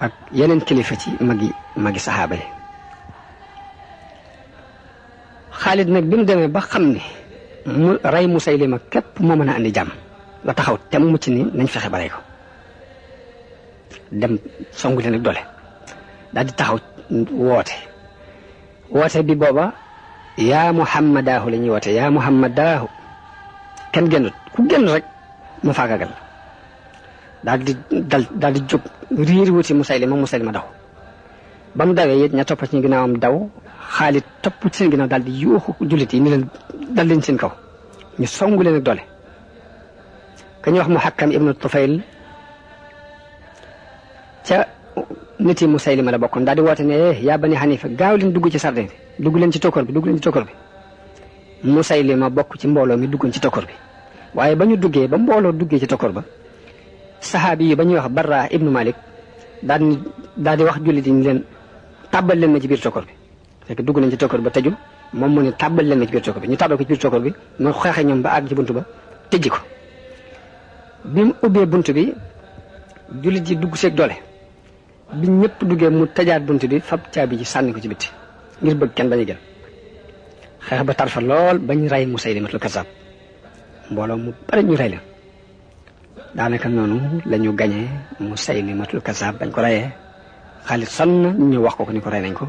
ak yeneen kilifa ci magi magi saxaaba yi Xaalid nag bi mu demee ba xam ne mu rey Musaylima képp moo mën a indi jàmm la taxaw temm ci ni nañ fexe ba ko dem songu leen ak daal di taxaw woote woote bi booba yaa muhammadaahu la ñuy woote yaa muhammadaahu kenn génnut ku génn rek mu faagagal daal di dal daal di jóg riir wuti musaylima musaylima daw ba mu dawee it ña topp ci ginnaawam daw Xaalid topp ci seen ginnaaw daal di yuuxu jullit yi ni leen dal leen seen kaw ñu songu leen ak wax ka ñuy wax Muhakkam ibnu Tufayl ca nit yi Musaylima la bokkoon daa di woote ne eh, yaa bani Xanifa gaaw leen dugg ci sardin bi dugg leen ci tokkoor bi dugg leen ci tokkoor bi Musaylima bokk ci mbooloo mi dugguñ ci tokkoor bi waaye ba ñu duggee ba mbooloo duggee ci tokkoor ba saxaabi yi ba ñu wax Barra ibnu Malik daal di wax jullit yi leen tàbbal leen ma ci biir tokkoor bi fekk dugg nañ ci tokkoor ba tëju moom mu ne tàbbal leen ma ci biir tokkoor bi ñu tàbbal ko ci biir tokkoor bi mu xeexe ñoom ba àgg ci bunt ba tëjji ko bi mu bunt bi jullit yi dugg seeg doole bi ñëpp duggee mu tëjaat bunt bi fab caabi ji sànni ko ci bitti ngir bëgg kenn bañ a xeex ba tarfa lool bañ rey Musaylimatul Kazzab mbooloo mu bari ñu rey leen daanaka noonu la ñu gañee Musaylimatul Kazzab bañ ko reyee xaalis sonn na ñu wax ko ko ni ko rey nañ ko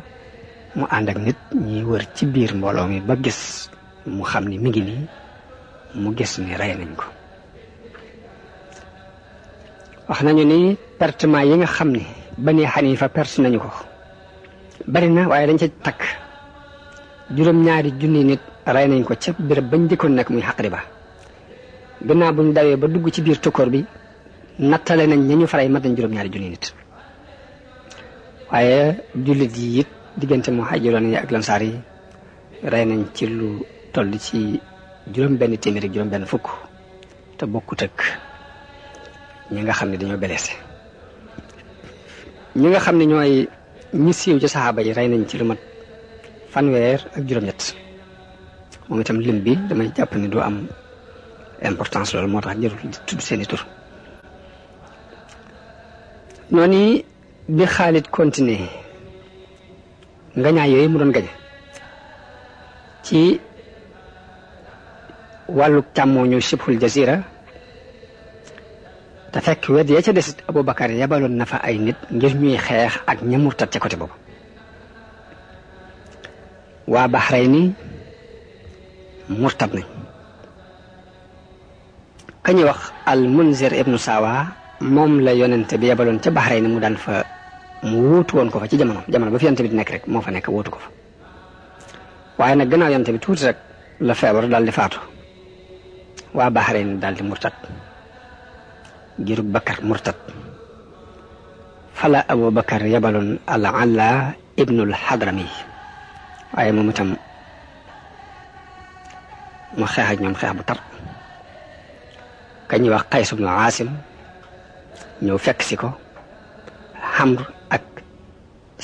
mu ànd ak nit ñuy wër ci biir mbooloo mi ba gis mu xam ni mi ngi nii mu gis ni rey nañ ko wax nañu ni pertement yi nga xam ni bani fa pers nañu ko bari na waaye dañ ca takk juróom-ñaari junni nit rey nañ ko ca béréb bañ dëkkoon nekk muy xaqri ba gannaaw buñ dawee ba dugg ci biir tokkoor bi nattale nañ ña ñu faray mat nañ juróom-ñaari junni nit waaye jullit yi it diggante muhaajiroon yi ak lansaar yi rey nañ ci lu toll ci juróom benn téeméer juróom benn fukk te bokku ñi nga xam ne dañoo beleese ñu nga xam ne ñooy ñi siiw ci saxaaba yi rey nañ ci lu mat fanweer ak juróom-ñett moom itam lim bi damay jàpp ni du am importance loolu moo tax jarul di tudd seeni tur noonu bi Xaalid continuer ngañaay yooyu mu doon gañ ci wàllu càmmoo ñu sibxul jazira te fekk wet ya ca desit Aboubacar yebaloon na fa ay nit ngir ñuy xeex ak ña murtat ca côté boobu waa Bahrayn murtat nañ ka ñuy wax al Munzir ibnu Sawa moom la yonente bi yebaloon ca Bahrayn mu daan fa mu wuutu woon ko fa ci jamono jamono ba fi yonente bi di nekk rek moo fa nekk wuutu ko fa waaye nag gannaaw yonente bi tuuti rek la feebar dal di faatu waa Bahrayn daal di murtat ngirug bakar murtad fala abu bakar yabaloon al ala hadrami waaye moom itam mu xeex ñoom xeex bu tar ka ñuy wax Qays ibn Aasim ñëw fekk si ko Amr ak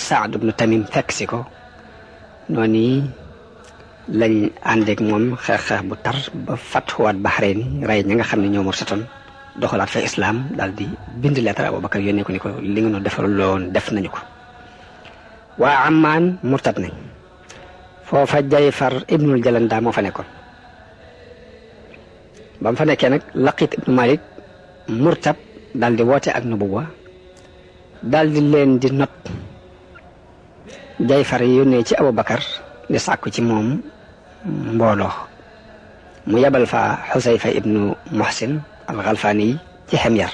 Saad ibn Tamim fekk si ko noonu yi lañ àndeek moom xeex-xeex bu tar ba fatxuwaat Bahrayn rey ña nga xam ne ñoo mursatoon doxalaat fa islaam daldi di bind lettre Abubakar yónnee ko ni ko li nga nu defal loon def nañu ko waa Amman murtat nañ foofa Jayfar ibnul Jalanda moo fa nekkoon ba mu fa nekkee nag Laqit ibnu Malik murtab daal di woote ak nubuwa daal di leen di not Jayfar yónnee ci Abubakar di sàkk ci moom mbooloo mu yebal fa Xusayfa ibnu Muhsin alxalfaani yi ci xemyar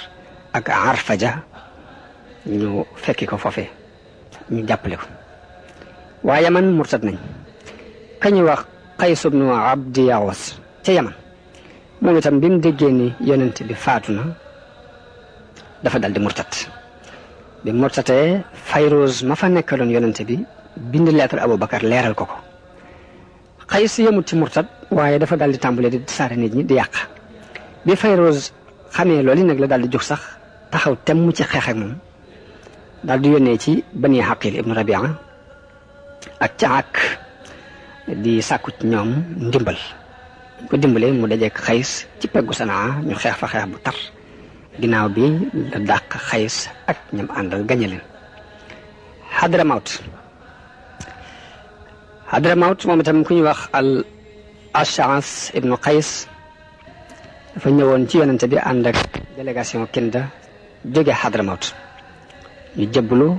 ak arfaja ñu fekki ko foofe ñu jàppale ko waa yaman murtad nañ ka wax Qays ibnu Abdi Yawas ca yaman moom itam bi mu déggee ni yonent bi faatu na dafa dal di murtat bi murtatee Fayroos ma fa nekkaloon yonent bi bind lettre Aboubacar leeral ko ko Qays yemut ci murtat waaye dafa dal di tàmbale di saare nit ñi di yàq bi Fayruz xamee loolu nag la daal di jóg sax taxaw temm ci xeex moom daal di yónnee ci bani xaqil ibnu rabia ak caak di sàkku ci ñoom ndimbal ko dimbalee mu dajeek xays ci peggu sanaa ñu xeex fa xeex bu tar ginnaaw bi la dàq xays ak ñam àndal gañe Hadramawt Hadramawt moom itam ku ñuy wax al Ash'as ibnu Qays dafa ñëwoon ci yonente bi ànd ak délégation Kinda jóge Hadramawt ñu jëblu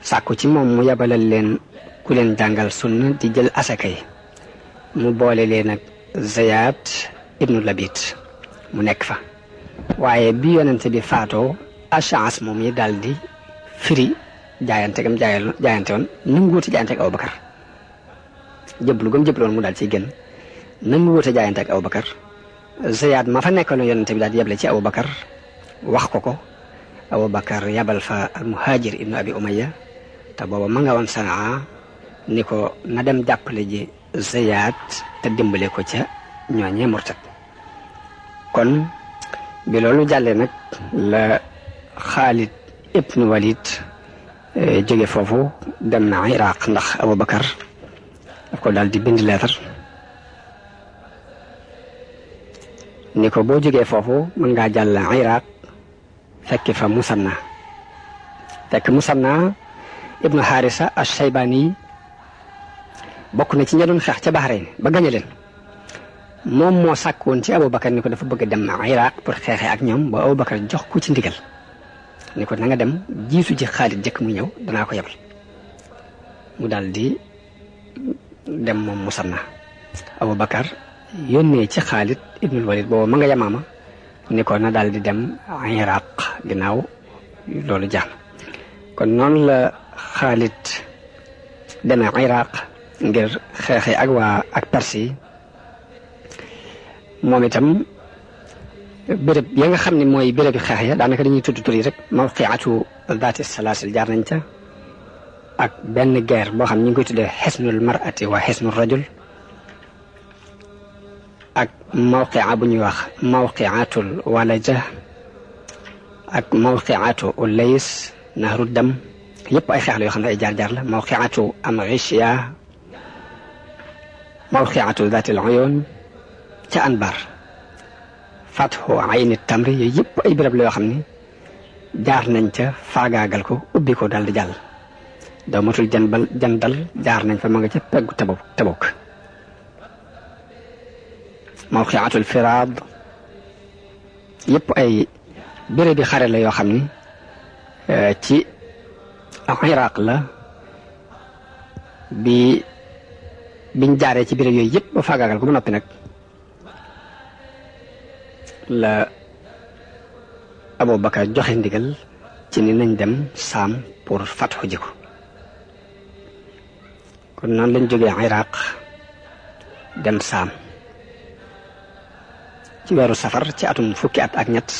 sàkku ci moom mu yabalal leen ku leen jàngal sunna di jël asaka yi mu boole leen ak Zayaat ibnu Labit mu nekk fa waaye bi yonente bi faatoo Ash'as moom yi daal di firi jaayante gam jaayante woon nanguwuute jaayante ak Abubakar jëblu gam jëbloon mu daal ciy génn nanguwuute jaayante ak Abubakar Ziyaad ma fa nekkoon yonent bi daal di yeble ci Aboubacar wax ko ko Aboubacar yabal fa Muhaajir ibnu Abi Umayya te booba ma nga woon Sanaa ni ko na dem jàppale ji Ziyaad te dimbale ko ca ñooñee murtad kon bi loolu jàllee nag la Xaalid ibnu Walid eh, jóge foofu dem na Iraq ndax Aboubacar daf ko daal di bind leetar ni ko boo jógee foofu mën ngaa jàll Iraq fekk fa Musanna fekk Musanna ibnu Harisa ash-Shaybani bokk na ci ña doon xeex ca Bahrain ba gañe leen moom moo sàkk woon ci Aboubacar ni ko dafa bëgg dem Iraq pour xeexee ak ñoom ba Aboubacar jox ku ci ndigal ni ko na dem jiitu ji Xaalid jëkk mu ñëw danaa ko yebal mu daal di dem moom Musanna Aboubacar yónnee ci Xaalid ibnul Walid boobu ma nga yamaama ni ko na daal di dem Iraq ginnaaw loolu jeex na kon noonu la Xaalid demee Iraq ngir xeexi ak waa ak Perse yi moom itam béréb ya xam ne mooy béréb yi xeex ya daanaka dañuy tudd tur yi rek mawqiatu daati salaasil jaar nañ ca ak benn guerre boo xam ñu ngi koy tuddee xesnul marati wa xesnul rajul mawqia bu ñuy wax mawqiatul walaja ak mawqiatu ulays nahru dam yëpp ay xeex la yoo xam ne ay jaar-jaar la mawqiatu am xichia mawqiatu zatil uyun ca anbar fatxu ayni tamri yooyu yëpp ay béréb la yoo xam ni jaar nañ ca faagaagal ko ubbi ko daal di jàll doomatul jan bal jan dal jaar nañ fa ma nga ca peggu tabuk tabuk mawqiatul firaad yëpp ay béréb bi xare la yoo xam ni euh, ci Iraq la bi biñ jaaree ci béréb yooyu yëpp ba faagaagal ko ba noppi nag la Aboubacar joxe ndigal ci ni nañ dem saam pour fatxu ji ko kon noonu lañ jógee Iraq dem saam ci weeru safar ci atum fukki at ak ñett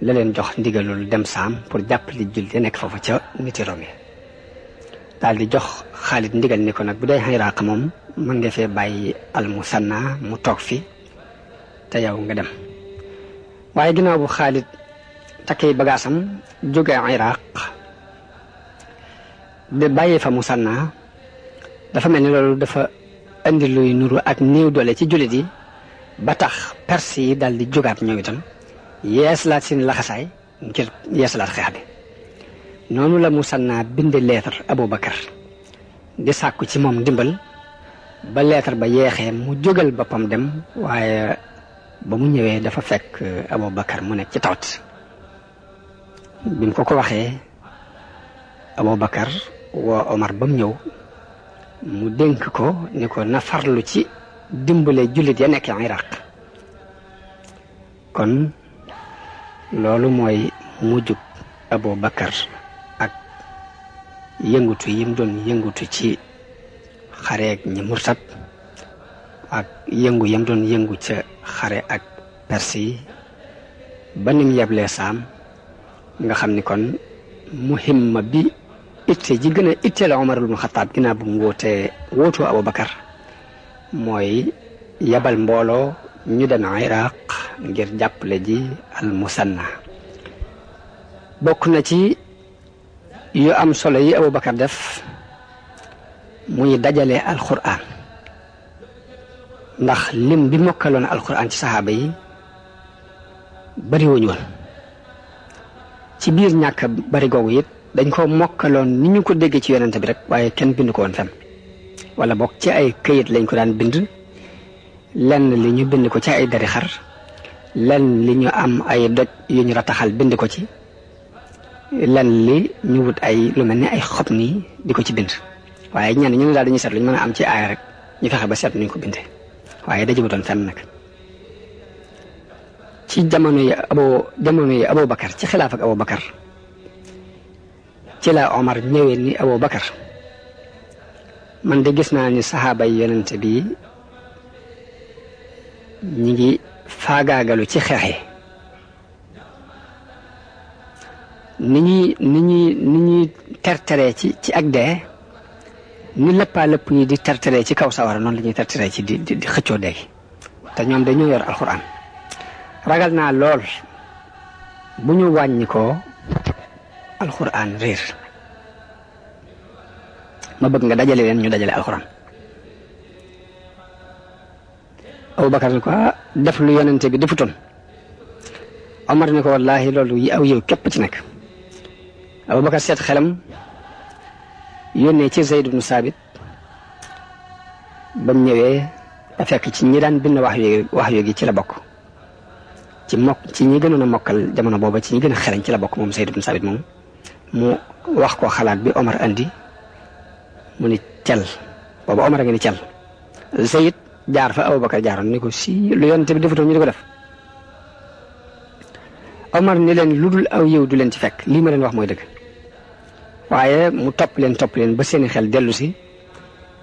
la leen jox ndigalul dem saam pour jàpp li jullit ya nekk foofu ca niti Rome yi daal di jox Xaalid ndigal ni ko nag bu dee Iraq moom mën nga fee bàyyi almusanna mu toog fi te yow nga dem waaye ginnaaw bu Xaalid takkee bagaasam jóge Iraq de bàyyi fa musanna dafa mel ni loolu dafa indi luy nuru ak néew doole ci jullit yi ba tax perse yi daal di jógaat ñoom itam yeeslaat seen laxasaay ngir yeeslaat xeex bi noonu la Musanna bind lettre Aboubacar di sàkku ci moom ndimbal ba lettre ba yeexee mu jógal boppam dem waaye ba mu ñëwee dafa fekk Aboubacar mu nekk ci tawat bi mu ko ko waxee Aboubacar woo Omar ba mu ñëw mu dénk ko ni ko na farlu ci dimbale jullit ya nekk iraq kon loolu mooy mujjub Abu Bakar ak yëngutu yim doon yëngutu ci xareeg ñi murtat ak yëngu yam doon yëngu ca xare ak persi ba nim yeblee saam nga xam ni kon muhimma bi itte ji gën a itteel Omar ibn Xataab ginnaaw bu mu wootoo Abu Bakar mooy yabal mbooloo ñu dem iraq ngir jàppale ji al musanna bokk na ci yu am solo yi abubakar def muy dajale alquran ndax lim bi mokkaloon alquran ci saxaaba yi bariwuñu woon ci biir ñàkk bari googu it dañ koo mokkaloon ni ñu ko déggee ci yonente bi rek waaye kenn bindu ko woon wala bokk ci ay këyit lañ ko daan bind lenn li ñu bind ko ci ay dari xar lenn li ñu am ay doj yu ñu rataxal bind ko ci lenn li ñu wut ay lu mel ni ay xob nii di ko ci bind waaye ñenn ñu ne daal dañuy seet lu ñu mën a am ci aaya rek ñu fexe ba seet nuñ ko bindee waaye dajubutoon fenn nag ci jamono yi abo jamono yi Aboubacar ci xilaaf ak Aboubacar ci la Omar ñëwee ni Aboubacar man de gis naa ni saxaaba yi yonent bi ñu ngi faagaagalu ci xeexe ni ñuy ni ñuy ni ñuy terteree ci ci ak dee ni lëppaa lëpp yi di terteree ci kaw sawara noonu la ñuy terteree ci di di xëccoo dee te ñoom dañoo yor alxuraan ragal naa lool bu ñu wàññikoo ko alxuraan réer ma bëgg nga dajale leen ñu dajale alxuraan Abubakar ne ko ah, def lu yonente bi defutoon Omar ne ko wallaahi loolu yi aw yow képp ci nekk baka seet xelam yónnee ci Zayd ibnu Saabit ba ñëwee a fekk ci ñi daan bind wax yooyu wax yooyu ci la bokk ci mokk ci ñi gënoon a mokkal jamono booba ci ñi gën a xereñ ci la bokk moom bu ibnu Saabit moom mu wax ko xalaat bi Omar andi mu ni cel boobu Omar a ngi ni cel Zayd jaar fa Abubakar jaaroon ni ko si lu yonent bi defutoon ñu di ko def Omar ni leen lu dul aw yow du leen ci fekk lii ma leen wax mooy dëgg waaye mu topp leen topp leen ba seeni xel dellusi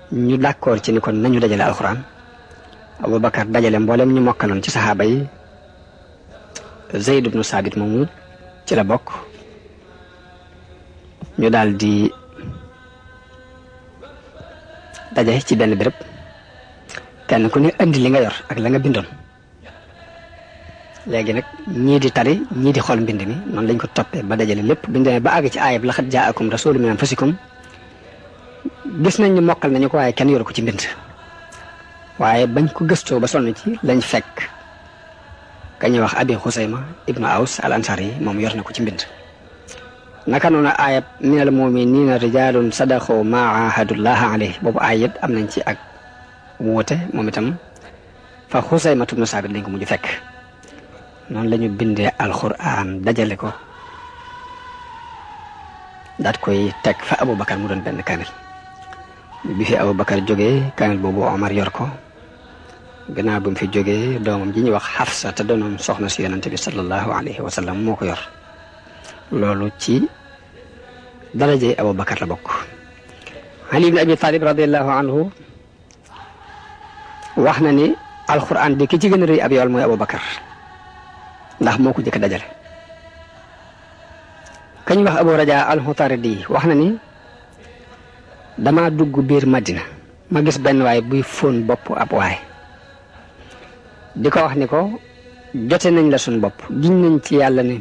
si ñu d'accord ci ni kon nañu dajale alxuraan Abubakar dajale mboolem ñu mokkaloon ci saxaaba yi Zayd ibnu Saabit moomu ci la bokk ñu daal daje ci benn béréb kenn ku ne andi li nga yor ak la nga bindoon léegi nag ñii di tari ñii di xool mbind mi noonu lañ ko toppee ba dajalee lépp biñ demee ba àgg ci aayab laxat jaa akum rasuulu min anfusikum gis nañ ni mokkal nañu ko waaye kenn yoru ko ci mbind waaye bañ ko gëstoo ba sonn ci lañ fekk ka wax abi xusayma ibnu aws al ansari moom yor na ko ci mbind naka noonu aayab minal muminina rijalun sadaqu ma ahadullaha alayhi boobu aayat am nañ ci ak wuute moom itam fa xusaymatub na saabit lañ ko mujj fekk noonu la ñu bindee alquran dajale ko daat koy teg fa aboubacar mu doon benn kaamil bi fi aboubacar jógee kaamil boobu omar yor ko gannaaw bi fi jógee doomam ji ñuy wax xafsa te doonoon soxna si yonente bi sallallahu alayhi wa sallam moo ko yor loolu ci darajey Abu Bakar la bokk Ali ibn Abi Talib radiallahu anhu wax na ni alxuraan di ki ci gën a rëy ab yool mooy Abu Bakar ndax moo ko njëkk dajale kañ wax Abu Raja al-Xutaaridi wax na ni dama dugg biir Madina ma gis benn waay buy fóon bopp ab waay di ko wax ni ko jote nañ la suñ bopp giñ nañ ci yàlla ne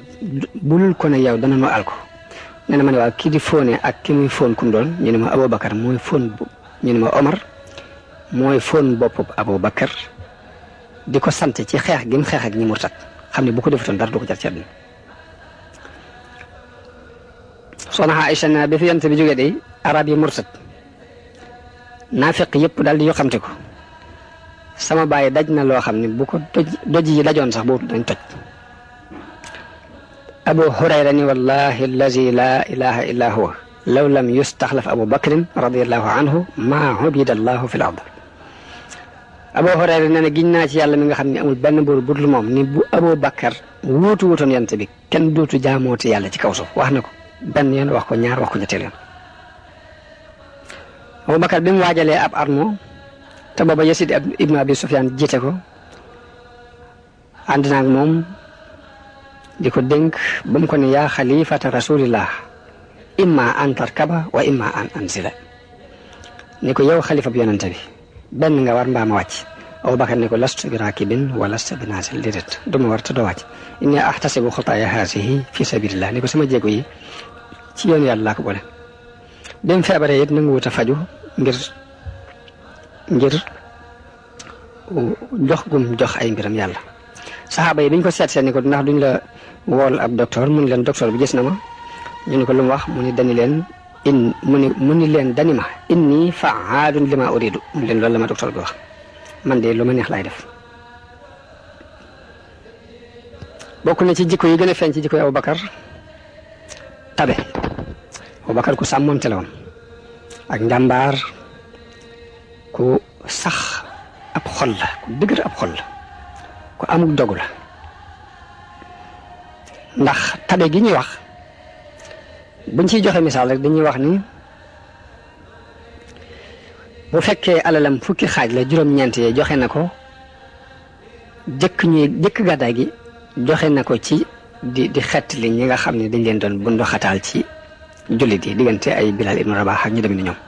bulul ko ne yow dana nu àl ko ma ne waaw kii di fóone ak ki muy fóon kum doon ñu ne ma Aboubacar mooy fóon ñu ne ma Omar mooy fóon boppub Aboubacar di ko sant ci xeex gi mu xeex ak ñi murtat xam ne bu ko defatoon dara du ko jar ci àdduna soxna Aïcha na bi fi yonent bi jógee day arab yi murtat naafiq yëpp daal di yoo xamte ko sama baay daj na loo xam ne bu ko doj doj yi dajoon sax boobu dañ toj abu hurayra ni wallahi allazi laa ilaha illa huwa law lam yustaxlaf abu bakrin radiallahu anhu maa ubida allahu fi l ard abu hurayra nee na naa ci yàlla mi nga xam ne amul benn buur budul moom ni bu abu bakar wuutu wuutoon yonte bi kenn dootu jaamooti yàlla ci kaw suuf wax na ko benn yoon wax ko ñaar wax ko ñetteel yoon abu bakar bi waajalee ab armo te booba Yasid ibnu Abi Sufyaan jiite ko ànd naag di ko dénk ba ko ne yaa xalifata rasulillah imma an tarkaba wa imma an anzila ni ko yow xalifa bi yonente bi benn nga war mbaama wàcc Abubakar ne ko lastu bi raakibin wa lastu bi naasil déedéet du ma war te doo wàcc inni ahtasibu xataaya haasihi fi sabilillah ni ko sama yi ci yoon yàlla ko boole dem feebaree it nangu wut a faju ngir jox gum jox ay mbiram yàlla saxaaba yi biñ ko seet seet ni ko ndax duñ la wool ab docteur mu leen docteur bi gis na ma ñu ni ko lu wax mu ni dani leen in mu ni leen dani ma inni faadun li ma uridu mu leen loolu ma docteur bi wax man de lu ma neex laay def bokk na ci jikko yi gën a feeñ ci jikko yi Aboubacar tabe Aboubacar ku sàmmoonte la woon ak njàmbaar ku sax ab xol la ku dëgër ab xol la ku amul dogu la ndax tabe gi ñuy wax buñ ciy joxe misaal rek dañuy wax ni bu fekkee alalam fukki xaaj la juróom-ñeent yi joxe na ko jëkk ñuy jëkk gàddaay gi joxe na ko ci di di xett li ñi nga xam ni dañ leen doon bundu xataal ci jullit yi diggante ay Bilal ibnu Rabah ak ñu dem ni ñoom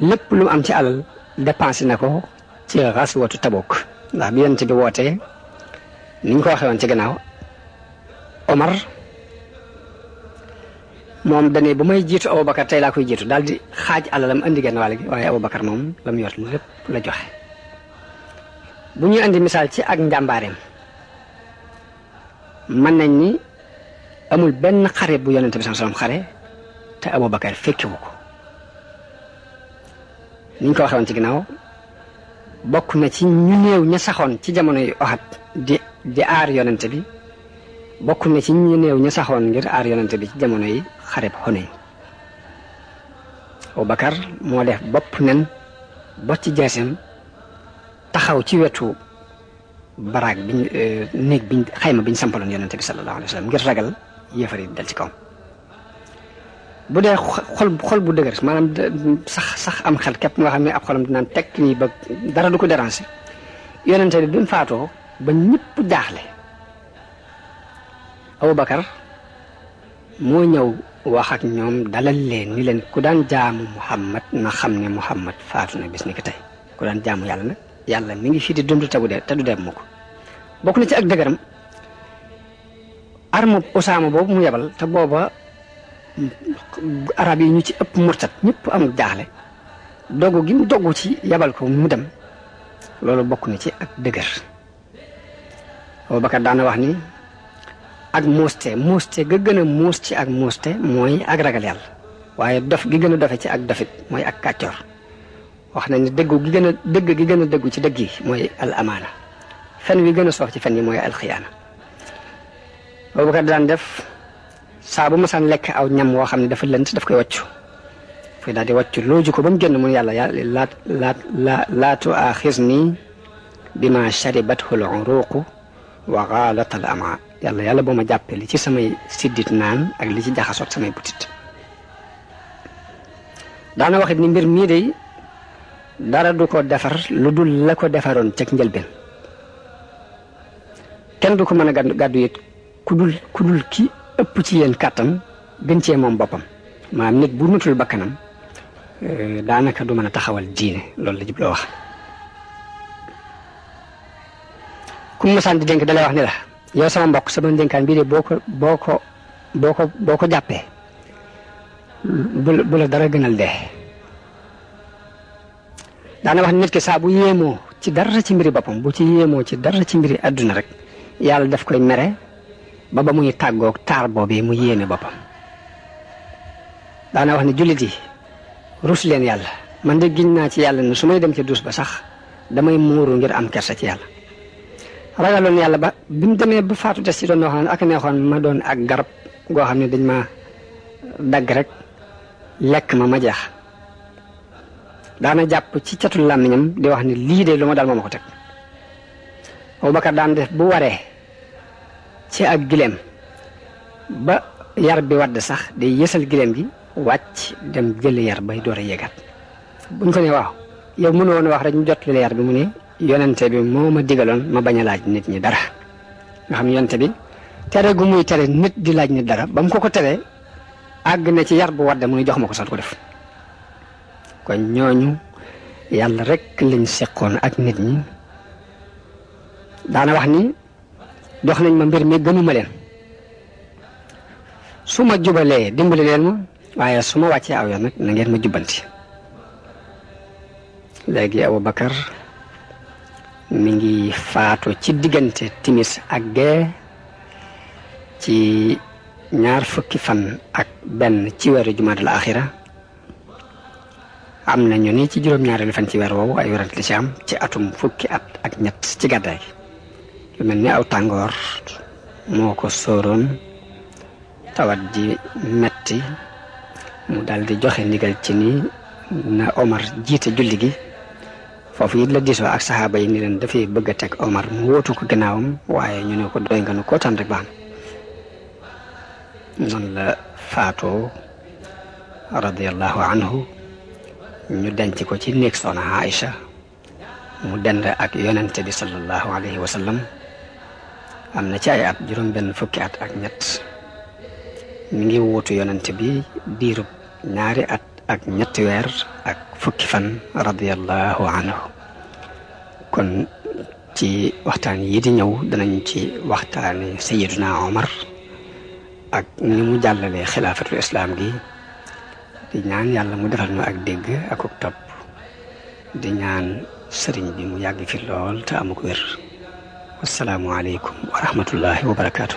lépp lu mu am ci alal dépensé na ko ci xaswatu Tabuk ndax bi yonent bi wootee ni ñu ko ci gannaaw Omar moom dane bu may jiitu Aboubacar tey laa koy jiitu daal di xaaj alalam indi genn wàll gi waaye Aboubacar moom la mu yor lépp la joxe bu ñuy indi misaal ci ak njàmbaareem mën nañ ni amul benn xare bu yonent bi sallallahu alayhi wasallam xare te Aboubacar fekkiwu ko ni ñu ko waxee ci ginnaaw bokk na ci ñu néew ña saxoon ci jamono yu oxat di di aar yonente bi bokk na ci ñu néew ña saxoon ngir aar yonente bi ci jamono yi xareb Xunayn Abubakar moo def bopp nen ba ci jeesem taxaw ci wetu baraag bi euh, néeg biñ xayma biñ sampaloon yonente bi sallallahu alayhi wa sallam ngir ragal yéefar yi dal ci kaw bu dee xol xol bu dëgër maanaam sax sax am xel képp moo xam ne ab xolam dinaan tekk nii ba dara du ko déranger yonente bi mu faatoo ba ñëpp jaaxle bakar mooy ñëw wax ak ñoom dalal leen ni leen ku daan jaamu Muhammad na xam ne Muhammad faatu na bis ni ko tey ku daan jaamu yàlla nag yàlla mi ngi fii di dund te du dee te du dee mu ko bokk ci ak dëgëram arme Usaama boobu mu yebal te booba arab yi ñu ci ëpp murtat ñëpp amul jaaxle dogu gi mu doggu ci yabal ko mu dem loolu bokk na ci ak dëgër Abubakar daana wax ni ak muuste muuste ga gën muus ci ak muuste mooy ak ragal yàlla waaye dof gi gën a dofe ci ak dofit mooy ak kàccoor wax nañ ne dëggu gi gën dëgg gi gën a dëggu ci dëgg yi mooy al amaana fen wi gën a soof ci fen yi mooy alxiyaana Abubakar daan def saa bu masaan lekk aw ñam woo xam ne dafa lënt daf ko wàccu fay daal di wàccu looju ko ba mu génn mun yàlla yàlla laat laat laa laatu axis nii bi ma sharibathu l uruqu wa gaalat al ama yàlla yàlla boo ma jàppee li ci samay siddit naan ak li ci jaxasoot samay butit daana waxit ni mbir mii dara du ko defar lu dul la ko defaroon ceg njëlbeen kenn du ko mën a gàddu gàddu it ku ki ëpp ci yéen kàttan gën cee moom boppam maanaam nit bu nutul bakkanam eh, daanaka du mën a taxawal diine loolu la jubloo wax ku mu masaan di dénk dalay wax ni la yow sama mbokk sama dénkaan bii de boo ko boo ko boo ko boo ko jàppee bu la dara gënal dee daana wax nit ki saa bu yéemoo ci dara ci mbiri boppam bu ci yéemoo ci dara ci mbiri àdduna rek yàlla daf koy mere ba ba muy tàggoog taar boobee mu yéene boppam daana wax ne jullit yi rus leen yàlla man de giñ naa ci yàlla ne su may dem ca duus ba sax damay muuru ngir am kersa ci yàlla ragaloon yàlla ba bi mu demee ba faatu des ci doon wax naan ak neexoon ma doon ak garab goo xam ne dañ ma dagg rek lekk ma ma jeex daana jàpp ci catul làmmiñam di wax ne lii de lu ma dal moo ko teg Abubakar daan def bu waree ci ak gileem ba yar bi wadd sax day yësal gileem gi wàcc dem jëli yar bay door a yegaat buñ ko ne waaw yow mënu woon wax rek ñu jot li yar bi mu ne yonente bi moo ma digaloon ma bañ a laaj nit ñi dara nga xam yonente bi tere gu muy tere nit di laaj nit dara ba mu ko ko teree àgg na ci yar bu wadd muy jox ma ko sax ko def kon ñooñu yàlla rek lañ seqoon ak nit ñi daana wax ni jox nañ ma mbir mi gëmuma leen su ma jubalee dimbali leen ma waaye su ma wàccee aw nag na ngeen ma jubbanti léegi Aboubacar mi ngi faatu ci diggante timis ak gee ci ñaar fukki fan ak benn ci weeru jumaadal axira am na ñu ni ci juróom-ñaareelu fan ci weer woowu ay werante li ci am ci atum fukki at ak ñett ci gàddaay mel ni aw tàngoor moo ko sóoroon tawat ji metti mu daldi joxe ndigal ci ni na Omar jiite julli gi foofu it la diisoo ak saxaaba yi ni leen dafay bëgg a teg Omar mu wóotu ko gannaawam waaye ñu ne ko doy nga nu kootaan rek baax na la faatoo radiallahu anhu ñu denc ko ci néeg soxna Aïcha mu dend ak yonente bi sallallahu alayhi wa am na ci ay at juróom-benn fukki at ak ñett mi ngi wuutu yonent bi diirub ñaari at ak ñetti weer ak fukki fan radiyallahu anhu kon ci waxtaan yi di ñëw danañ ci waxtaane sayiduna omar ak ni mu jàllalee xilaafatul islaam gi di ñaan yàlla mu defal ñu ak dégg ak topp di ñaan sëriñ bi mu yàgg fi lool te amu ko wér wasalaamualeykum wa rahmatullahi wa barakaatu.